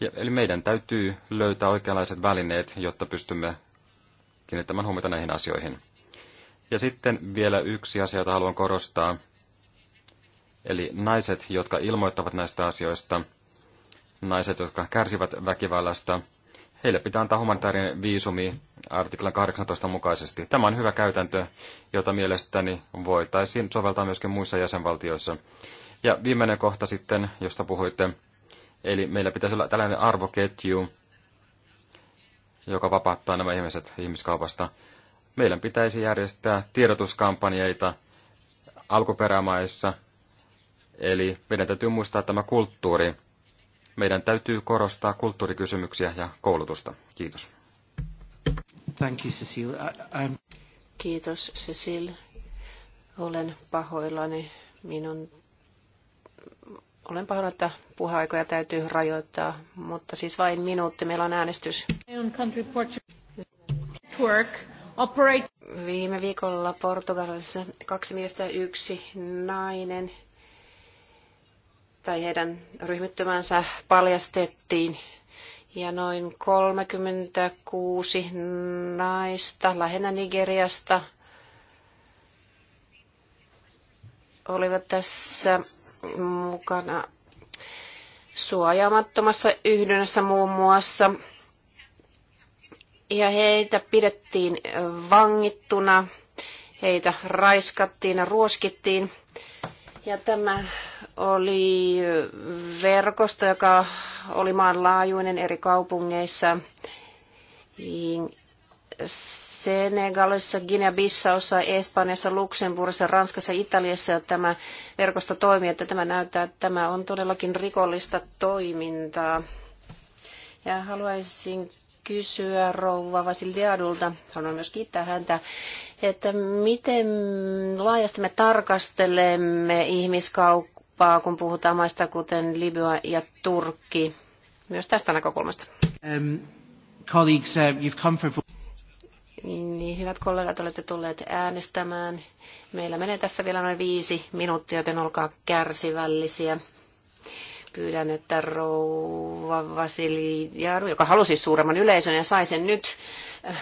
Ja, eli meidän täytyy löytää oikeanlaiset välineet, jotta pystymme kiinnittämään huomiota näihin asioihin. Ja sitten vielä yksi asia, jota haluan korostaa. Eli naiset, jotka ilmoittavat näistä asioista, naiset, jotka kärsivät väkivallasta – heille pitää antaa humanitaarinen viisumi artiklan 18 mukaisesti. Tämä on hyvä käytäntö, jota mielestäni voitaisiin soveltaa myöskin muissa jäsenvaltioissa. Ja viimeinen kohta sitten, josta puhuitte, eli meillä pitäisi olla tällainen arvoketju, joka vapauttaa nämä ihmiset ihmiskaupasta. Meidän pitäisi järjestää tiedotuskampanjeita alkuperämaissa, eli meidän täytyy muistaa tämä kulttuuri, meidän täytyy korostaa kulttuurikysymyksiä ja koulutusta. Kiitos. Thank you, I, Kiitos, Cecil. Olen pahoillani. Minun olen pahoillani, että puheaikoja täytyy rajoittaa, mutta siis vain minuutti. Meillä on äänestys. Viime viikolla Portugalissa kaksi miestä ja yksi nainen tai heidän ryhmittymänsä paljastettiin. Ja noin 36 naista, lähinnä Nigeriasta, olivat tässä mukana suojaamattomassa yhdynnässä muun muassa. Ja heitä pidettiin vangittuna, heitä raiskattiin ja ruoskittiin. Ja tämä oli verkosto, joka oli maanlaajuinen eri kaupungeissa. Senegalissa, Guinea-Bissaussa, Espanjassa, Luxemburgissa, Ranskassa, Italiassa ja tämä verkosto toimii, että tämä näyttää, että tämä on todellakin rikollista toimintaa. Ja haluaisin kysyä rouva Vasildiadulta, haluan myös kiittää häntä, että miten laajasti me tarkastelemme ihmiskauppaa, kun puhutaan maista kuten Libya ja Turkki, myös tästä näkökulmasta. Um, colleagues, uh, you've come for... Niin, hyvät kollegat, olette tulleet äänestämään. Meillä menee tässä vielä noin viisi minuuttia, joten olkaa kärsivällisiä. Pyydän, että rouva Vasili Jaru, joka halusi suuremman yleisön ja sai sen nyt, äh,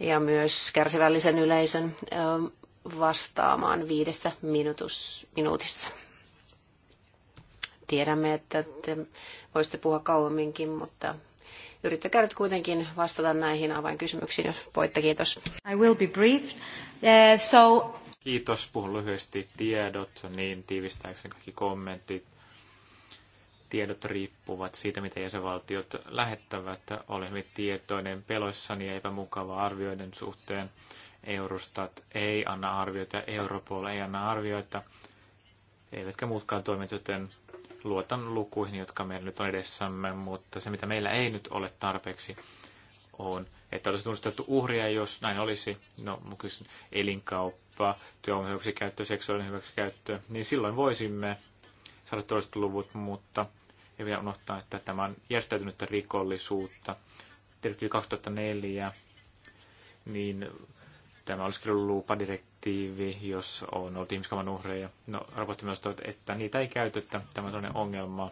ja myös kärsivällisen yleisön ähm, vastaamaan viidessä minuutus, minuutissa. Tiedämme, että te voisitte puhua kauemminkin, mutta yrittäkää nyt kuitenkin vastata näihin avainkysymyksiin, jos voitte. Kiitos. I will be brief. Uh, so... Kiitos, puhun lyhyesti tiedot, niin tiivistääkseni kaikki kommentit tiedot riippuvat siitä, mitä jäsenvaltiot lähettävät. Olen hyvin tietoinen peloissani ja epämukava arvioiden suhteen. Eurostat ei anna arvioita, Europol ei anna arvioita, eivätkä muutkaan toimet, joten luotan lukuihin, jotka meillä nyt on edessämme, mutta se, mitä meillä ei nyt ole tarpeeksi, on, että olisi tunnustettu uhria, jos näin olisi, no elinkauppa, työvoimahyväksikäyttö, seksuaalinen hyväksikäyttö, niin silloin voisimme saada toiset luvut, mutta ei vielä unohtaa, että tämä on järjestäytynyttä rikollisuutta. Direktiivi 2004, niin tämä direktiivi, jos on ollut ihmiskaupan uhreja. No, raportti myös että niitä ei käytetä. Tämä on ongelma.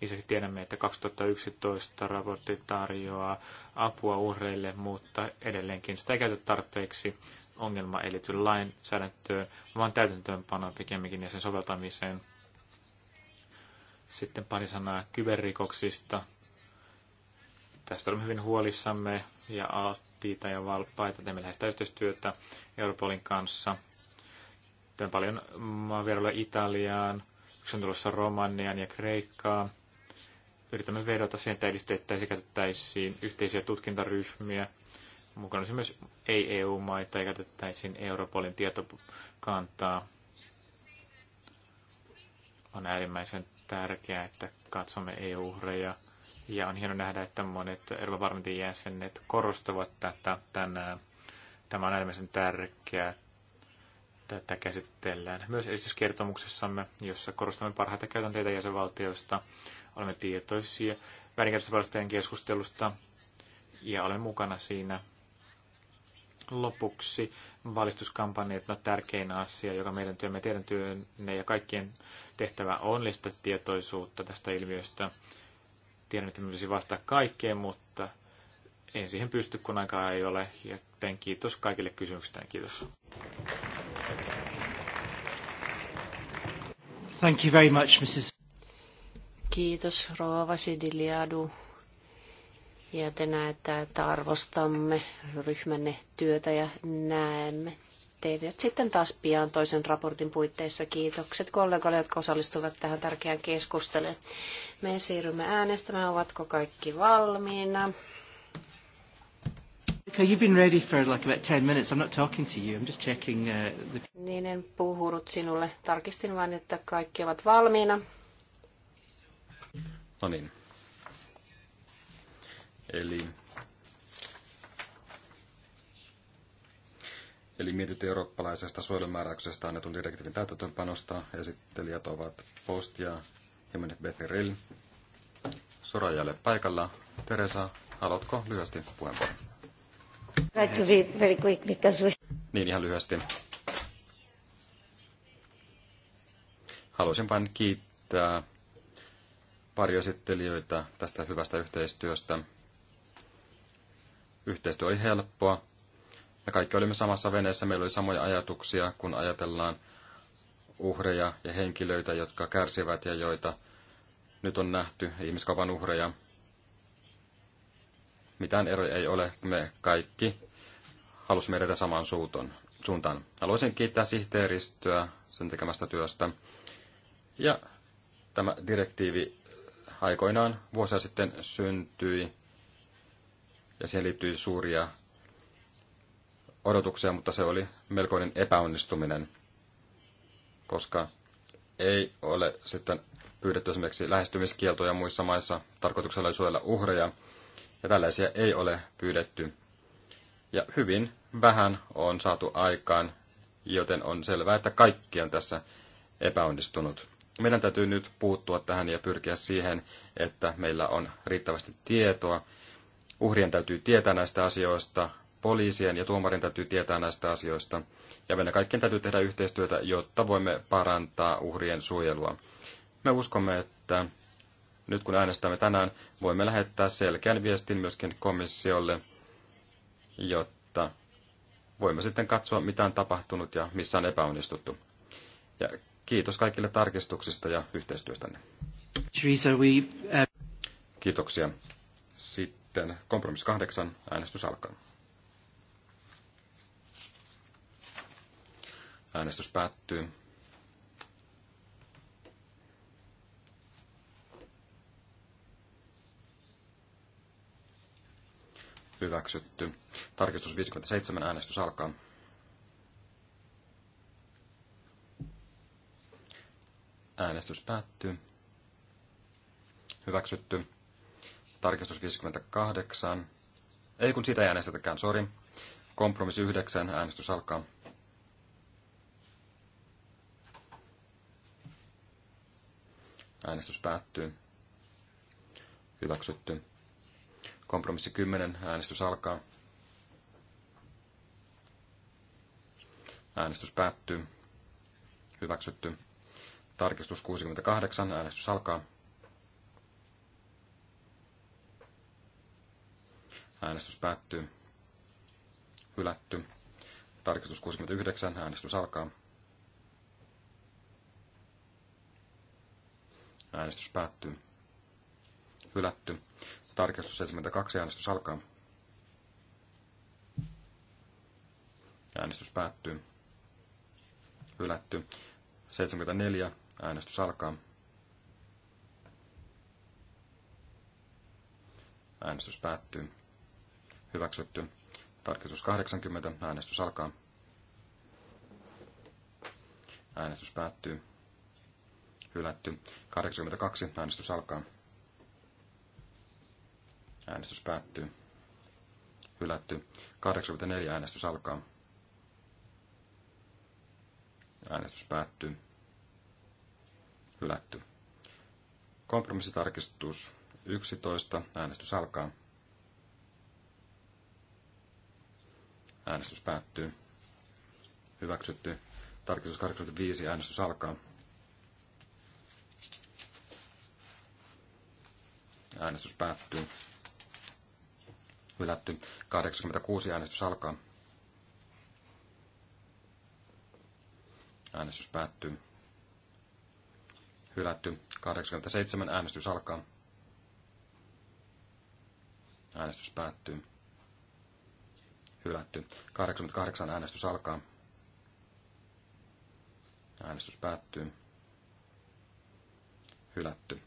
Lisäksi tiedämme, että 2011 raportti tarjoaa apua uhreille, mutta edelleenkin sitä ei käytetä tarpeeksi. Ongelma ei liity lainsäädäntöön, vaan täytäntöönpanoon pikemminkin ja sen soveltamiseen. Sitten pari sanaa kyberrikoksista. Tästä olemme hyvin huolissamme ja aattiita ja valppaita. Teemme läheistä yhteistyötä Europolin kanssa. Teemme paljon maanvierailuja Italiaan, yksi on tulossa Romaniaan ja Kreikkaan. Yritämme vedota siihen, että edistettäisiin ja käytettäisiin yhteisiä tutkintaryhmiä. Mukana olisi myös ei-EU-maita ja käytettäisiin Europolin tietokantaa. On äärimmäisen tärkeää, että katsomme EU-uhreja. Ja on hienoa nähdä, että monet Euroopan parlamentin jäsenet korostavat tätä tänään. Tämä on äärimmäisen tärkeää. Tätä käsitellään myös esityskertomuksessamme, jossa korostamme parhaita käytänteitä jäsenvaltioista. Olemme tietoisia väärinkäytöstä keskustelusta ja olen mukana siinä lopuksi valistuskampanjat, no tärkein asia, joka meidän työmme, teidän työnne ja kaikkien tehtävä on lisätä tietoisuutta tästä ilmiöstä. Tiedän, että me vastaa kaikkeen, mutta en siihen pysty, kun aikaa ei ole. Ja teen kiitos kaikille kysymyksistä. Kiitos. Thank you very much, Mrs. Kiitos, Rova Sidiliadu. Ja te näette, että arvostamme ryhmänne työtä ja näemme teidät sitten taas pian toisen raportin puitteissa. Kiitokset kollegoille, jotka osallistuvat tähän tärkeään keskusteluun. Me siirrymme äänestämään, ovatko kaikki valmiina. Uh, niin en puhunut sinulle. Tarkistin vain, että kaikki ovat valmiina. No niin. Eli, eli mietit eurooppalaisesta suojelumääräyksestä annetun direktiivin täytäntöönpanosta. Esittelijät ovat Post ja Jimenez Becerril. Sorajalle paikalla. Teresa, haluatko lyhyesti puheenvuoron? to very quick because we... Niin, ihan lyhyesti. Haluaisin vain kiittää esittelijöitä tästä hyvästä yhteistyöstä. Yhteistyö oli helppoa. Me kaikki olimme samassa veneessä, meillä oli samoja ajatuksia, kun ajatellaan uhreja ja henkilöitä, jotka kärsivät ja joita nyt on nähty, ihmiskaupan uhreja. Mitään eroja ei ole, me kaikki halusimme edetä samaan suuntaan. Haluaisin kiittää sihteeristöä sen tekemästä työstä. Ja tämä direktiivi aikoinaan vuosia sitten syntyi ja siihen liittyi suuria odotuksia, mutta se oli melkoinen epäonnistuminen, koska ei ole sitten pyydetty esimerkiksi lähestymiskieltoja muissa maissa tarkoituksella suojella uhreja, ja tällaisia ei ole pyydetty. Ja hyvin vähän on saatu aikaan, joten on selvää, että kaikki on tässä epäonnistunut. Meidän täytyy nyt puuttua tähän ja pyrkiä siihen, että meillä on riittävästi tietoa Uhrien täytyy tietää näistä asioista, poliisien ja tuomarin täytyy tietää näistä asioista, ja meidän kaikkien täytyy tehdä yhteistyötä, jotta voimme parantaa uhrien suojelua. Me uskomme, että nyt kun äänestämme tänään, voimme lähettää selkeän viestin myöskin komissiolle, jotta voimme sitten katsoa, mitä on tapahtunut ja missä on epäonnistuttu. Ja kiitos kaikille tarkistuksista ja yhteistyöstänne. Teresa, uh, Kiitoksia. Sitten sitten kompromissi kahdeksan, äänestys alkaa. Äänestys päättyy. Hyväksytty. Tarkistus 57. Äänestys alkaa. Äänestys päättyy. Hyväksytty tarkistus 58. Ei kun sitä ei äänestetäkään, sori. Kompromissi 9, äänestys alkaa. Äänestys päättyy. Hyväksytty. Kompromissi 10, äänestys alkaa. Äänestys päättyy. Hyväksytty. Tarkistus 68, äänestys alkaa. Äänestys päättyy. Hylätty. Tarkistus 69. Äänestys alkaa. Äänestys päättyy. Hylätty. Tarkistus 72. Äänestys alkaa. Äänestys päättyy. Hylätty. 74. Äänestys alkaa. Äänestys päättyy hyväksytty. Tarkistus 80, äänestys alkaa. Äänestys päättyy. Hylätty. 82, äänestys alkaa. Äänestys päättyy. Hylätty. 84, äänestys alkaa. Äänestys päättyy. Hylätty. Kompromissitarkistus 11, äänestys alkaa. Äänestys päättyy. Hyväksytty. Tarkistus 85. Äänestys alkaa. Äänestys päättyy. Hylätty. 86. Äänestys alkaa. Äänestys päättyy. Hylätty. 87. Äänestys alkaa. Äänestys päättyy hylätty. 88 äänestys alkaa. Äänestys päättyy. Hylätty.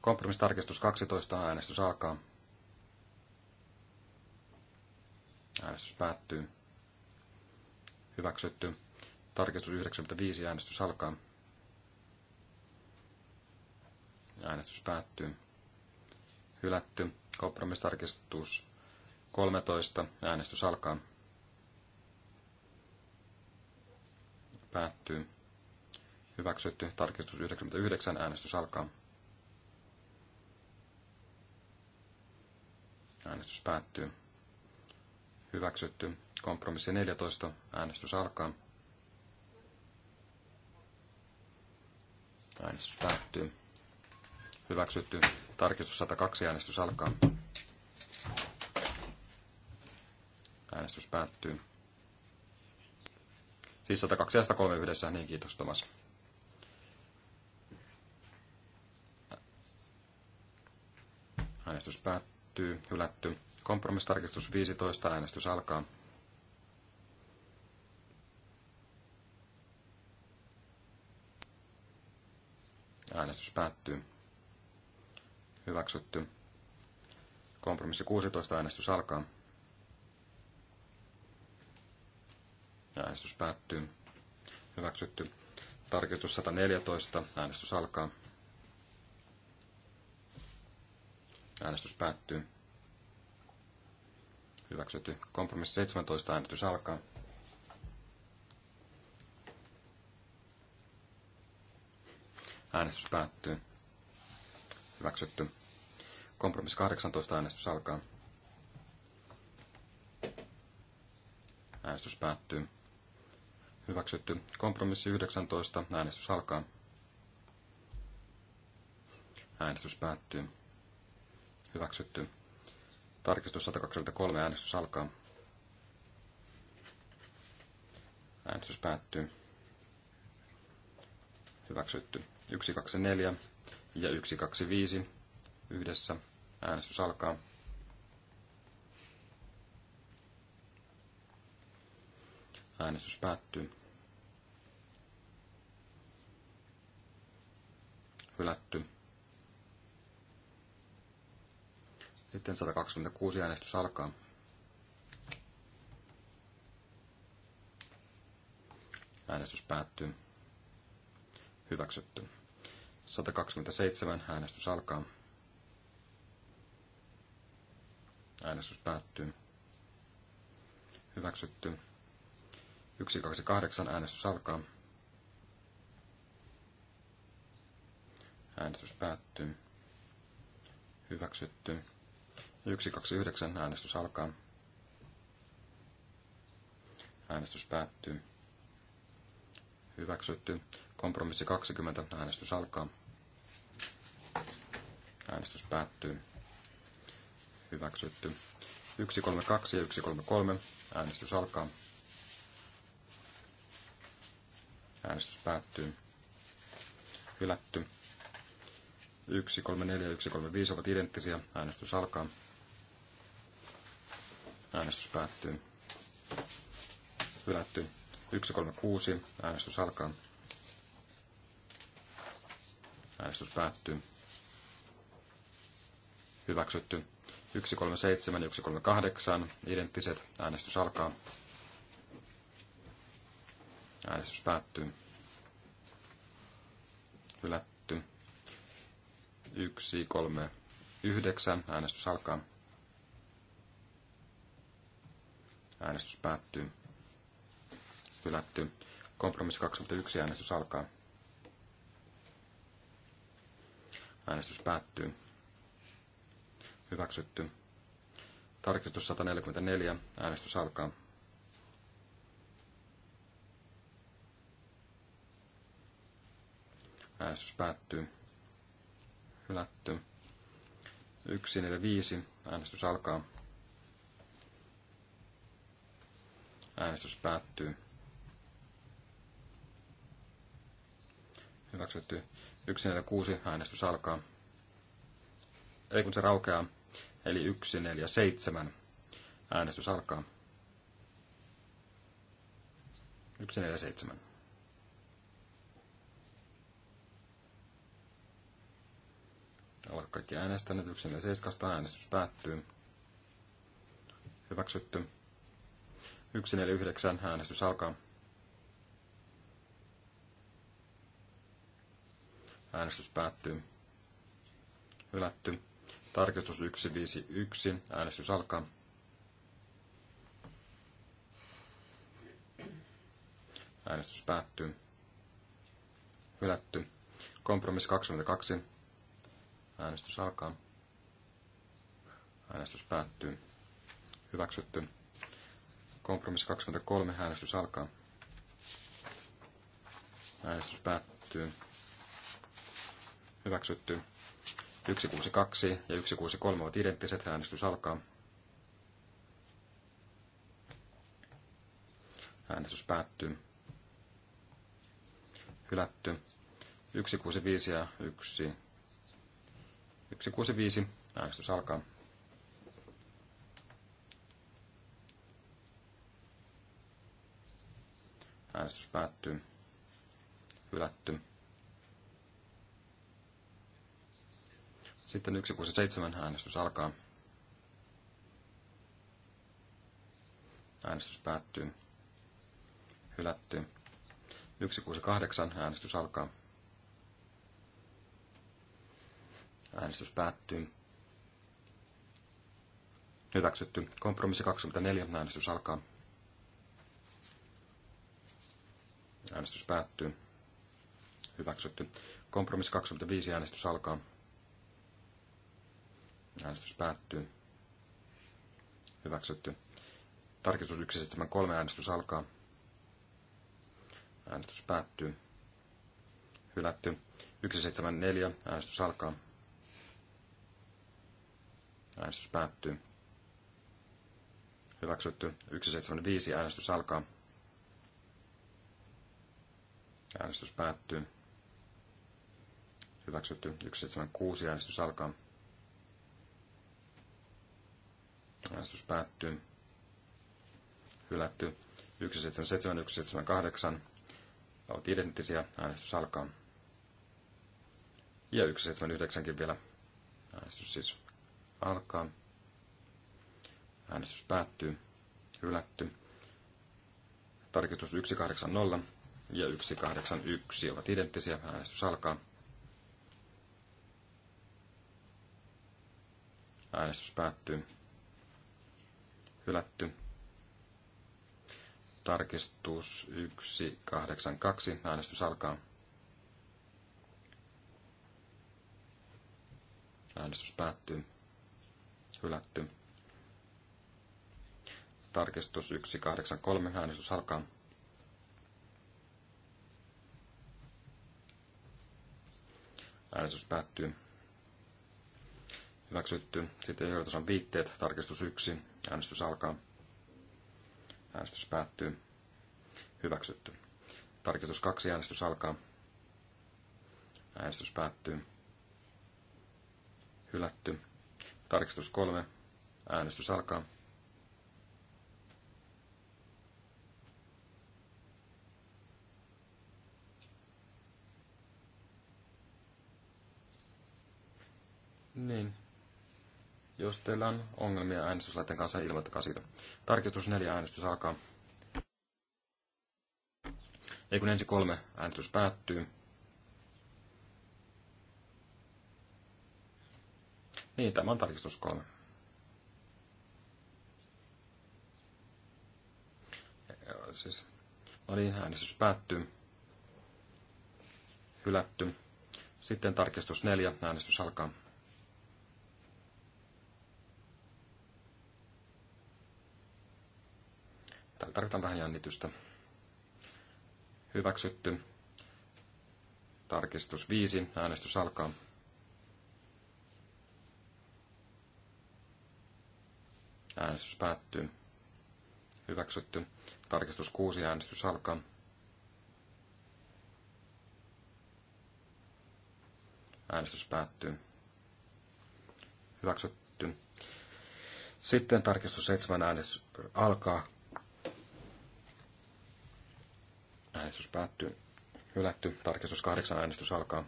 Kompromistarkistus 12 äänestys alkaa. Äänestys päättyy. Hyväksytty. Tarkistus 95 äänestys alkaa. Äänestys päättyy. Hylätty. Kompromistarkistus 13. Äänestys alkaa. Päättyy. Hyväksytty. Tarkistus 99. Äänestys alkaa. Äänestys päättyy. Hyväksytty. Kompromissi 14. Äänestys alkaa. Äänestys päättyy. Hyväksytty. Tarkistus 102. Äänestys alkaa. Äänestys päättyy. Siis 102 ja 103 yhdessä, niin kiitos Tomas. Äänestys päättyy, hylätty. Kompromistarkistus 15, äänestys alkaa. Äänestys päättyy. Hyväksytty. Kompromissi 16, äänestys alkaa. Äänestys päättyy. Hyväksytty. Tarkistus 114. Äänestys alkaa. Äänestys päättyy. Hyväksytty. Kompromissi 17. Äänestys alkaa. Äänestys päättyy. Hyväksytty. Kompromissi 18. Äänestys alkaa. Äänestys päättyy hyväksytty. Kompromissi 19, äänestys alkaa. Äänestys päättyy. Hyväksytty. Tarkistus 123, äänestys alkaa. Äänestys päättyy. Hyväksytty. 124 ja 125 yhdessä. Äänestys alkaa. Äänestys päättyy. hylätty. Sitten 126 äänestys alkaa. Äänestys päättyy. Hyväksytty. 127 äänestys alkaa. Äänestys päättyy. Hyväksytty. 128 äänestys alkaa. Äänestys päättyy. Hyväksytty. 129 äänestys alkaa. Äänestys päättyy. Hyväksytty. Kompromissi 20. Äänestys alkaa. Äänestys päättyy. Hyväksytty. 132 ja 133. Äänestys alkaa. Äänestys päättyy. Hylätty. 134 ja 135 ovat identtisiä. Äänestys alkaa. Äänestys päättyy. Hylätty. 136. Äänestys alkaa. Äänestys päättyy. Hyväksytty. 137 ja 138. Identtiset. Äänestys alkaa. Äänestys päättyy. Hylätty. 1, 3, 9. Äänestys alkaa. Äänestys päättyy. Hylätty. Kompromissi 21. Äänestys alkaa. Äänestys päättyy. Hyväksytty. Tarkistus 144. Äänestys alkaa. Äänestys päättyy hylätty. 145. Äänestys alkaa. Äänestys päättyy. Hyväksytty. 146. Äänestys alkaa. Ei kun se raukeaa. Eli 147. Äänestys alkaa. 147. Alkoi kaikki äänestänyt. 1 ja seiskasta äänestys päättyy. Hyväksytty. yhdeksän äänestys alkaa. Äänestys päättyy. Hylätty. Tarkistus 151. Äänestys alkaa. Äänestys päättyy. Hylätty. Kompromissi 22. Äänestys alkaa. Äänestys päättyy. Hyväksytty. Kompromissi 23. Äänestys alkaa. Äänestys päättyy. Hyväksytty. 162 ja 163 ovat identtiset. Äänestys alkaa. Äänestys päättyy. Hylätty. 165 ja 1 165. Äänestys alkaa. Äänestys päättyy. Hylätty. Sitten 167 äänestys alkaa. Äänestys päättyy. Hylätty. 168 äänestys alkaa. Äänestys päättyy. Hyväksytty. Kompromissi 24. Äänestys alkaa. Äänestys päättyy. Hyväksytty. Kompromissi 25. Äänestys alkaa. Äänestys päättyy. Hyväksytty. Tarkistus 173. Äänestys alkaa. Äänestys päättyy. Hylätty. 174. Äänestys alkaa. Äänestys päättyy. Hyväksytty. 175 äänestys alkaa. Äänestys päättyy. Hyväksytty. 176 äänestys alkaa. Äänestys päättyy. Hylätty. 177 178 ovat identtisiä. Äänestys alkaa. Ja 179 vielä. Äänestys siis alkaa. Äänestys päättyy. Hylätty. Tarkistus 180 ja 181 ovat identtisiä. Äänestys alkaa. Äänestys päättyy. Hylätty. Tarkistus 182. Äänestys alkaa. Äänestys päättyy hylätty. Tarkistus 183, äänestys alkaa. Äänestys päättyy. Hyväksytty. Sitten on viitteet. Tarkistus 1. Äänestys alkaa. Äänestys päättyy. Hyväksytty. Tarkistus 2. Äänestys alkaa. Äänestys päättyy. Hylätty. Tarkistus kolme. Äänestys alkaa. Niin. Jos teillä on ongelmia äänestyslaitteen kanssa, ilmoittakaa siitä. Tarkistus neljä äänestys alkaa. Ei kun ensi kolme äänestys päättyy. Niin, tämä on tarkistus kolme. Siis, no niin, äänestys päättyy. Hylätty. Sitten tarkistus neljä, äänestys alkaa. Täällä tarvitaan vähän jännitystä. Hyväksytty. Tarkistus 5. Äänestys alkaa. Äänestys päättyy. Hyväksytty. Tarkistus 6. Äänestys alkaa. Äänestys päättyy. Hyväksytty. Sitten tarkistus 7. Äänestys alkaa. Äänestys päättyy. Hylätty. Tarkistus 8. Äänestys alkaa.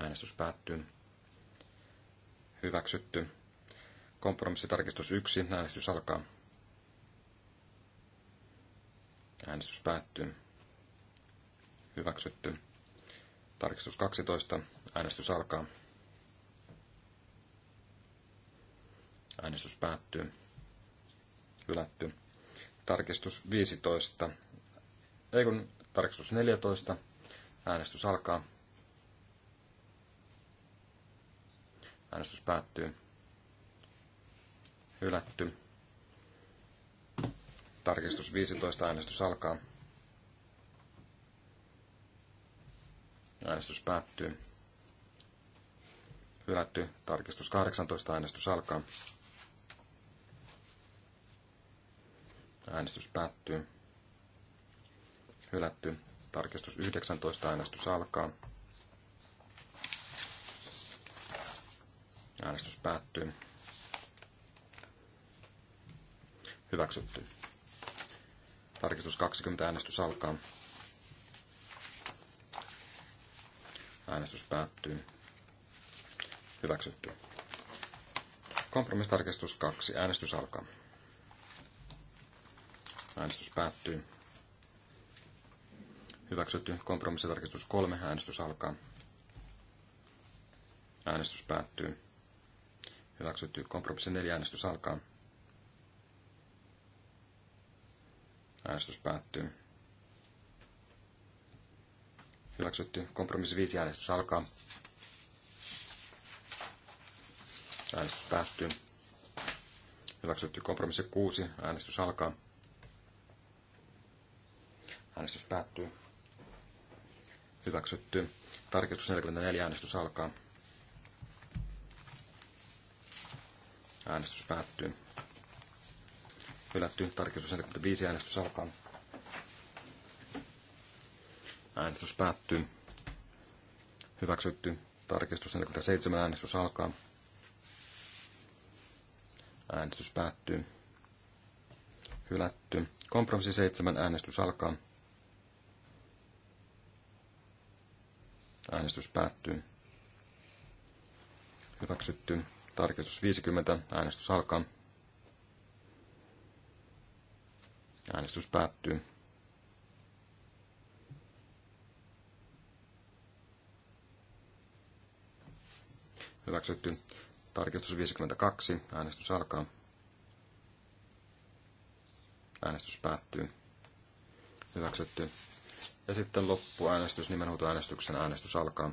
Äänestys päättyy. Hyväksytty. Kompromissitarkistus 1. Äänestys alkaa. Äänestys päättyy. Hyväksytty. Tarkistus 12. Äänestys alkaa. Äänestys päättyy. Hylätty. Tarkistus 15. Ei kun tarkistus 14. Äänestys alkaa. Äänestys päättyy hylätty. Tarkistus 15, äänestys alkaa. Äänestys päättyy. Hylätty. Tarkistus 18, äänestys alkaa. Äänestys päättyy. Hylätty. Tarkistus 19, äänestys alkaa. Äänestys päättyy. Hyväksytty. Tarkistus 20. Äänestys alkaa. Äänestys päättyy. Hyväksytty. Kompromistarkistus 2. Äänestys alkaa. Äänestys päättyy. Hyväksytty. Kompromissitarkistus 3. Äänestys alkaa. Äänestys päättyy. Hyväksytty. Kompromissi 4. Äänestys alkaa. Äänestys päättyy. Hyväksytty. Kompromissi 5 äänestys alkaa. Äänestys päättyy. Hyväksytty. Kompromissi 6 äänestys alkaa. Äänestys päättyy. Hyväksytty. Tarkistus 44 äänestys alkaa. Äänestys päättyy hylätty. Tarkistus 45 äänestys alkaa. Äänestys päättyy. Hyväksytty. Tarkistus 47 äänestys alkaa. Äänestys päättyy. Hylätty. Kompromissi 7 äänestys alkaa. Äänestys päättyy. Hyväksytty. Tarkistus 50. Äänestys alkaa. Äänestys päättyy. Hyväksytty. Tarkistus 52. Äänestys alkaa. Äänestys päättyy. Hyväksytty. Ja sitten loppuäänestys, nimenhuutoäänestyksen äänestys alkaa.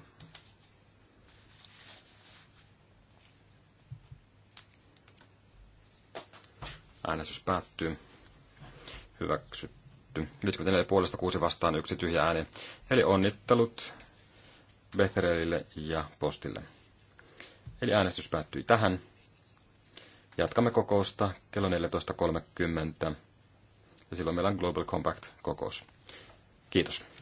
Äänestys päättyy hyväksytty. 54 puolesta 6 vastaan yksi tyhjä ääni. Eli onnittelut Betherelille ja Postille. Eli äänestys päättyi tähän. Jatkamme kokousta kello 14.30 ja silloin meillä on Global Compact-kokous. Kiitos.